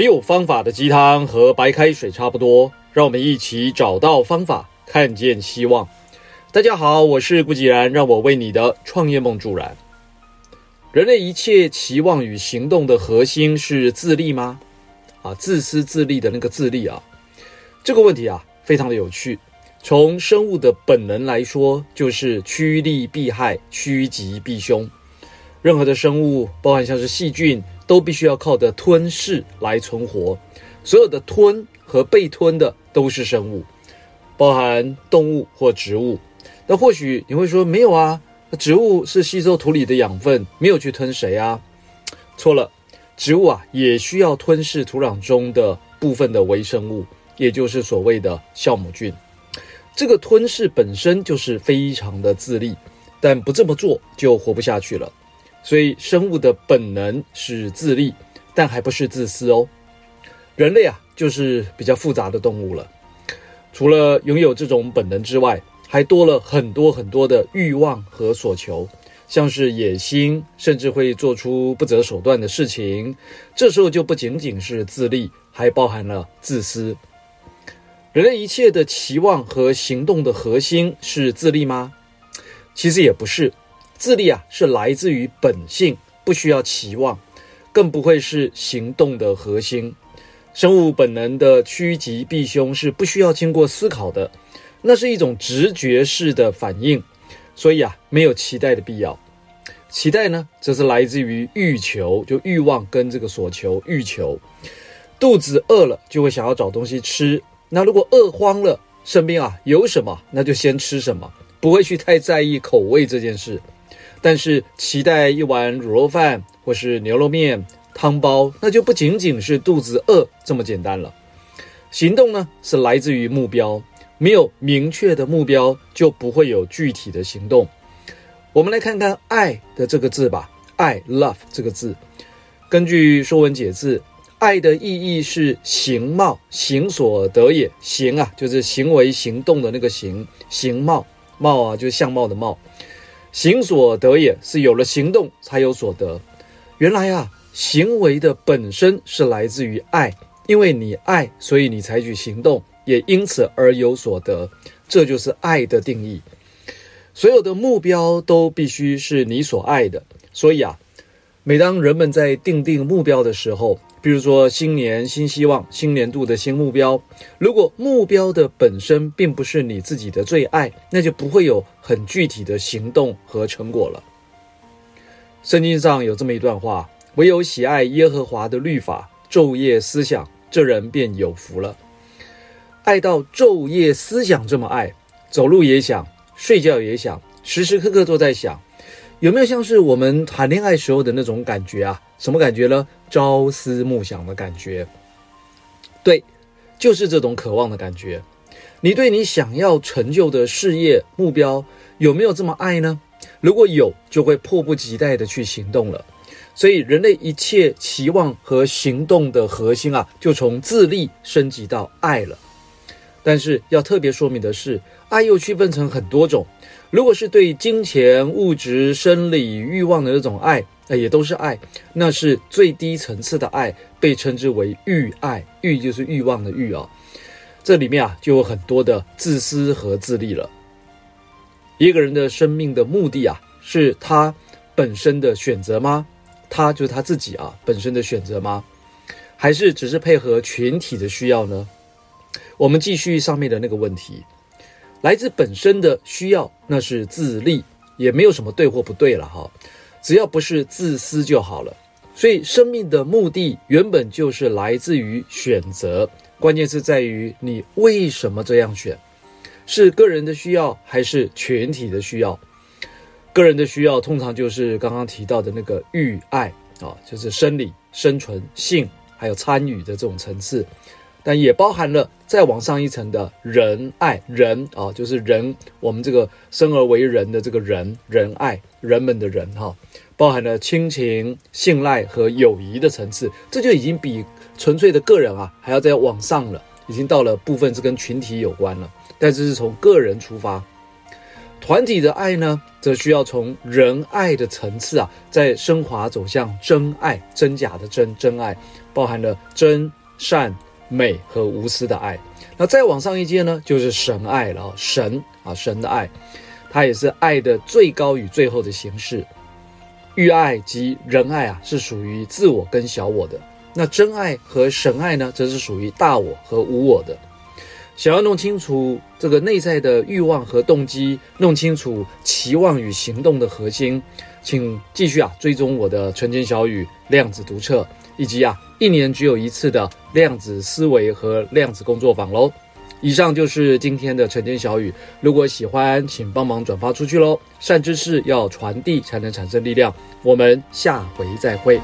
沒有方法的雞湯和白開水差不多，讓我們一起找到方法，看見希望。大家好，我是顧繼然，讓我為你的創業夢助燃。人類一切期望與行動的核心是自利嗎？啊，自私自利的那個自利啊，這個問題啊，非常的有趣。從生物的本能來說，就是趨利避害、趨吉避凶。任何的生物，包含像是細菌。都必須要靠著吞噬來存活，所有的吞和被吞的都是生物，包含動物或植物。那或許你會說，沒有啊，植物是吸收土裡的養分，沒有去吞誰啊？錯了，植物啊也需要吞噬土壤中的部分的微生物，也就是所謂的酵母菌。這個吞噬本身就是非常的自利，但不這麼做就活不下去了。所以，生物的本能是自利，但還不是自私哦。人類啊，就是比較複雜的動物了。除了擁有這種本能之外，還多了很多很多的欲望和所求，像是野心，甚至會做出不擇手段的事情。這時候就不僅僅是自利，還包含了自私。人類一切的期望和行動的核心是自利嗎？其實也不是。自立啊，是來自於本性，不需要期望，更不會是行動的核心。生物本能的趨吉避凶是不需要經過思考的，那是一種直覺式的反應。所以啊，沒有期待的必要。期待呢，則是來自於欲求，就欲望跟這個所求欲求。肚子餓了就會想要找東西吃，那如果餓慌了，身邊啊有什麼，那就先吃什麼，不會去太在意口味這件事。但是期待一碗滷肉飯或是牛肉麵、湯包，那就不僅僅是肚子餓這麼簡單了。行動呢，是來自於目標，沒有明確的目標，就不會有具體的行動。我們來看看“愛”的這個字吧，“愛 ”（love） 這個字，根據《說文解字》，“愛”的意義是“形貌，行所得也”。行啊，就是行為、行動的那個行“行”；“形貌”貌啊，就是相貌的“貌”。行所得也，是有了行動才有所得。原來啊，行為的本身是來自於愛，因為你愛，所以你採取行動，也因此而有所得。這就是愛的定義。所有的目標都必須是你所愛的。所以啊，每當人們在定定目標的時候，比如說，新年新希望，新年度的新目標。如果目標的本身並不是你自己的最愛，那就不會有很具體的行動和成果了。聖經上有這麼一段話：“唯有喜愛耶和華的律法，晝夜思想，這人便有福了。”愛到晝夜思想這麼愛，走路也想，睡覺也想，時時刻刻都在想。有沒有像是我們談戀愛時候的那種感覺啊？什麼感覺呢？朝思暮想的感覺。對，就是這種渴望的感覺。你對你想要成就的事業目標有沒有這麼愛呢？如果有，就會迫不及待地去行動了。所以，人類一切期望和行動的核心啊，就從自立升級到愛了。但是要特別說明的是，愛又區分成很多種。如果是對金錢、物質、生理慾望的那種愛，呃，也都是愛，那是最低層次的愛，被稱之為慾愛。慾就是慾望的慾啊，這裡面啊，就有很多的自私和自利了。一個人的生命的目的啊，是他本身的選擇嗎？他就是他自己啊，本身的選擇嗎？還是只是配合群體的需要呢？我們繼續上面的那個問題。來自本身的需要，那是自利，也沒有什麼對或不對了哈，只要不是自私就好了。所以，生命的目的原本就是來自於選擇，關鍵是在於你為什麼這樣選，是個人的需要還是群體的需要？個人的需要通常就是剛剛提到的那個欲愛啊，就是生理、生存、性，還有參與的這種層次。但也包含了再往上一層的仁愛仁啊，就是仁，我們這個生而為人的這個仁仁愛人們的人哈、啊，包含了親情、信賴和友誼的層次，這就已經比純粹的個人啊還要再往上了，已經到了部分是跟群體有關了。但這是從個人出發，團體的愛呢，則需要從仁愛的層次啊，再升華走向真愛，真假的真，真愛包含了真善。美和無私的愛，那再往上一階呢，就是神愛了。神啊，神的愛，它也是愛的最高與最後的形式。欲愛及仁愛啊，是屬於自我跟小我的；那真愛和神愛呢，則是屬於大我和無我的。想要弄清楚這個內在的欲望和動機，弄清楚期望與行動的核心，請繼續啊，追蹤我的純情小雨、量子讀冊以及啊。一年只有一次的量子思維和量子工作坊嘍，以上就是今天的晨間小雨。如果喜歡，請幫忙轉發出去嘍。善知識要傳遞，才能產生力量。我們下回再會。